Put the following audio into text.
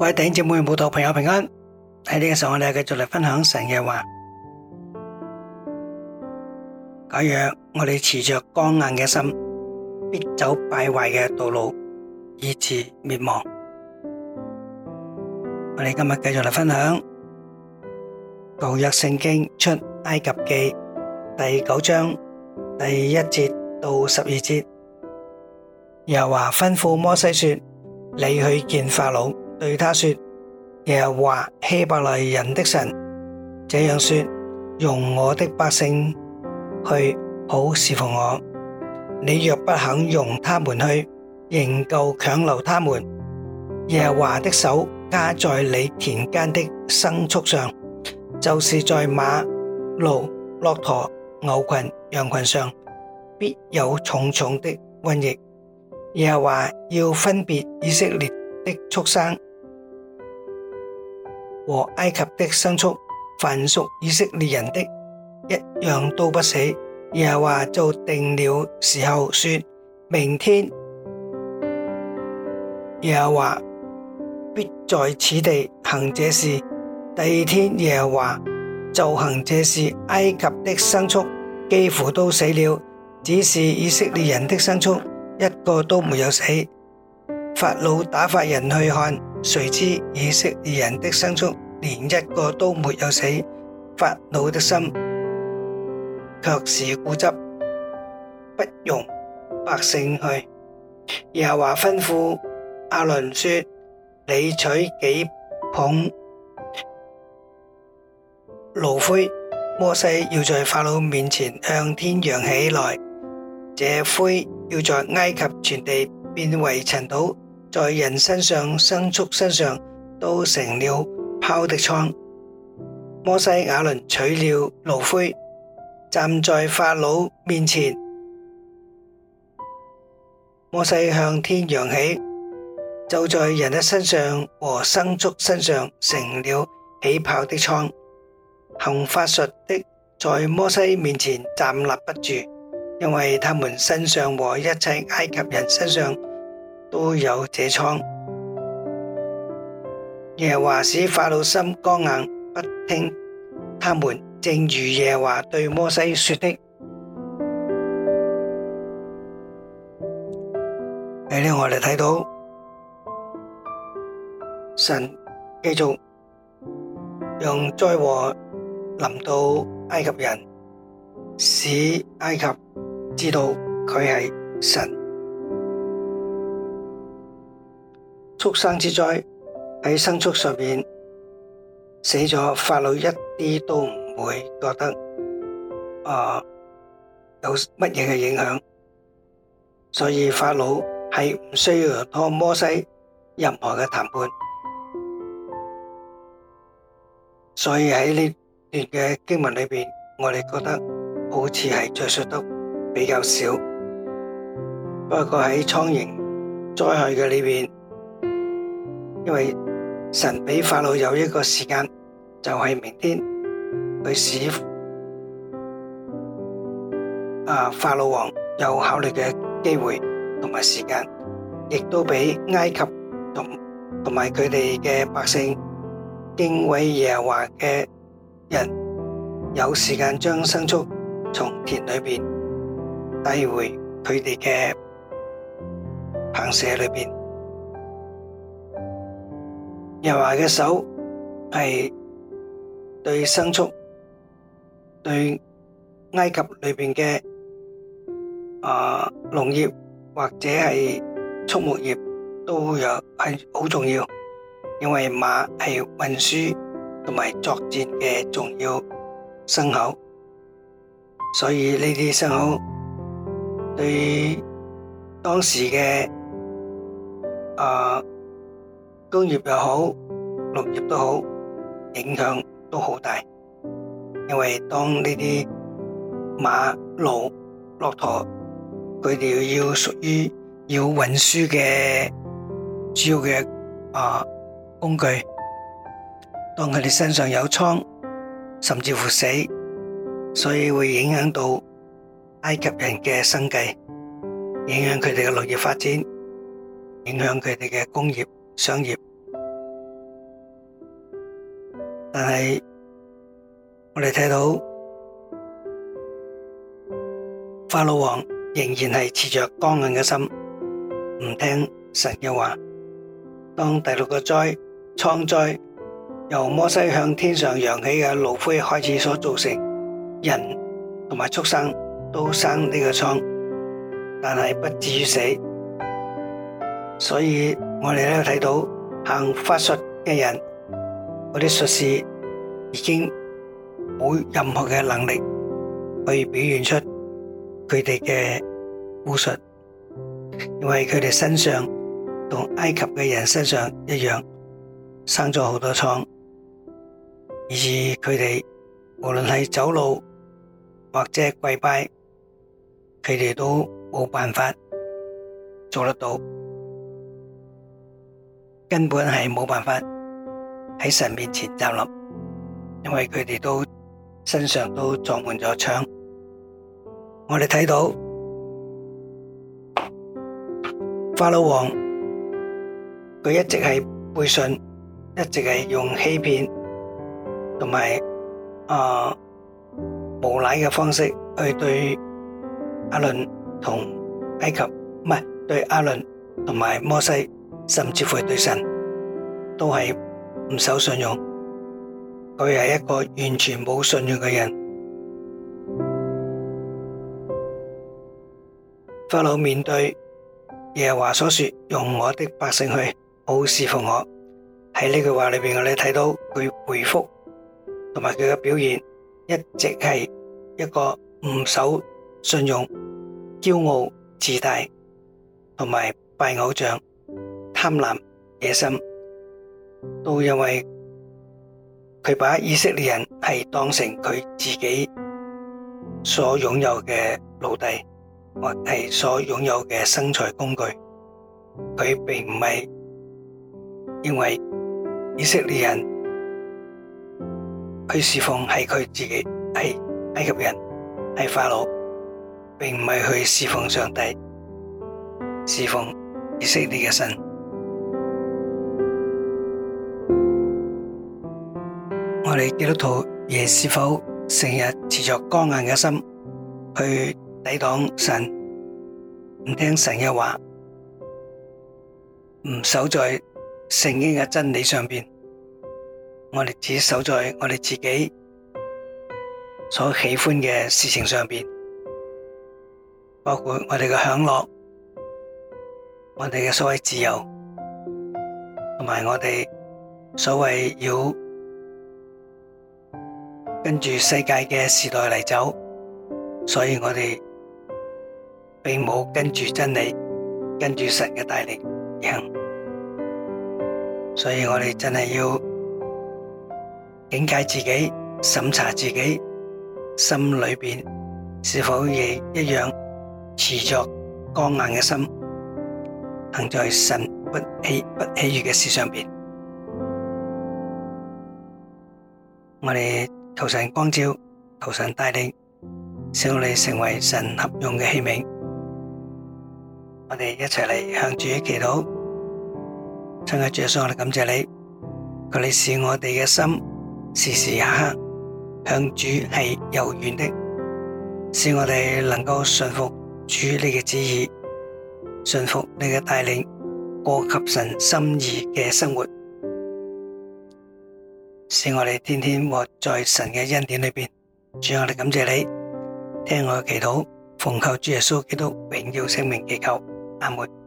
各位弟兄姊妹、信徒、朋友平安。喺呢個時候，我哋繼續嚟分享神嘅話。假若我哋持着剛硬嘅心，必走敗壞嘅道路，以致滅亡。我哋今日繼續嚟分享舊約聖經出埃及記第九章第一節到十二節。又話吩咐摩西說：你去見法老。對他說：耶和華希伯來人的神這樣說，容我的百姓去好侍奉我。你若不肯容他們去，仍舊強留他們，耶和華的手加在你田間的牲畜上，就是在馬、驢、駱駝、牛群、羊群上，必有重重的瘟疫。耶和華要分別以色列的畜生。和埃及的牲畜，凡屬以色列人的，一樣都不死。耶和華就定了時候說：明天，耶和華必在此地行這事。第二天，耶和華就行這事。埃及的牲畜幾乎都死了，只是以色列人的牲畜一個都沒有死。法老打發人去看。誰知以色列人的牲畜連一個都沒有死，法老的心卻是固執，不容百姓去。耶和華吩咐阿倫說：你取幾捧爐灰，摩西要在法老面前向天揚起來，這灰要在埃及全地變為塵土。在人身上、牲畜身上都成了泡的瘡。摩西亞倫取了爐灰，站在法老面前。摩西向天揚起，就在人的身上和牲畜身上成了起泡的瘡。行法術的在摩西面前站立不住，因為他們身上和一切埃及人身上。都有這瘡。耶華使法老心剛硬，不聽，他們正如耶華對摩西說的。喺呢，我哋睇到神繼續用災禍臨到埃及人，使埃及知道佢係神。畜生之災喺牲畜上面死咗，法老一啲都唔會覺得有乜嘢嘅影響，所以法老係唔需要同摩西任何嘅談判。所以喺呢段嘅經文裏面，我哋覺得好似係敘述得比較少，不過喺蒼蠅災害嘅裏面。因為神俾法老有一個時間，就係明天，佢使啊法老王有考慮嘅機會同埋時間，亦都俾埃及同同埋佢哋嘅百姓敬畏耶和華嘅人有時間將牲畜從田裏邊帶回佢哋嘅棚舍裏邊。耶華嘅手係對牲畜，對埃及裏面嘅啊農業或者係畜牧業都有係好重要，因為馬係運輸同埋作戰嘅重要牲口，所以呢啲牲口對當時嘅啊。工業又好，農業都好，影響都好大。因為當呢啲馬、驢、駱駝，佢哋要屬於要運輸嘅主要嘅啊工具，當佢哋身上有瘡，甚至乎死，所以會影響到埃及人嘅生計，影響佢哋嘅農業發展，影響佢哋嘅工業，商業，但係我哋睇到法老王仍然係持着剛硬嘅心，唔聽神嘅話。當第六個災，瘡災，由摩西向天上揚起嘅爐灰開始所造成，人同埋畜生都生呢個瘡，但係不至於死，所以。我哋咧睇到行法術嘅人，嗰啲術士已經冇任何嘅能力可以表現出佢哋嘅巫術，因為佢哋身上同埃及嘅人身上一樣生咗好多瘡，以致佢哋無論係走路或者跪拜，佢哋都冇辦法做得到。根本係冇辦法喺神面前站立，因為佢哋都身上都撞滿咗槍。我哋睇到法老王，佢一直係背信，一直係用欺騙同埋啊無賴嘅方式去對阿倫同埃及，唔係對阿倫同埋摩西。甚至乎對神都係唔守信用，佢係一個完全冇信用嘅人。法老面對耶和華所說：用我的百姓去好好侍奉我。喺呢句話裏邊，我哋睇到佢回覆同埋佢嘅表現，一直係一個唔守信用、驕傲、自大同埋拜偶像、貪婪野心，都因為佢把以色列人係當成佢自己所擁有嘅奴隸，或係所擁有嘅生產工具。佢並唔係認為以色列人去侍奉係佢自己係埃及人係法老，並唔係去侍奉上帝，侍奉以色列嘅神。我哋基督徒也是否成日持着剛硬嘅心去抵擋神，唔聽神嘅話，唔守在聖經嘅真理上邊，我哋只守在我哋自己所喜歡嘅事情上邊，包括我哋嘅享樂，我哋嘅所謂自由，同埋我哋所謂要。跟住世界嘅時代嚟走，所以我哋並冇跟住真理，跟住神嘅帶領行。所以我哋真係要警戒自己，審查自己心裏面是否亦一樣持着剛硬嘅心，行在神不喜不喜悅嘅事上面。我哋。求神光照，求神帶領，使我哋成為神合用嘅器皿。我哋一齊嚟向主祈禱，親愛嘅主耶穌，我哋感謝你，求你使我哋嘅心時時刻刻向主係柔軟的，使我哋能夠順服主你嘅旨意，順服你嘅帶領，過合神心意嘅生活。使我哋天天活在神嘅恩典裏邊，主，我哋感謝你，聽我祈禱，奉靠主耶穌基督榮耀聖名祈求阿門。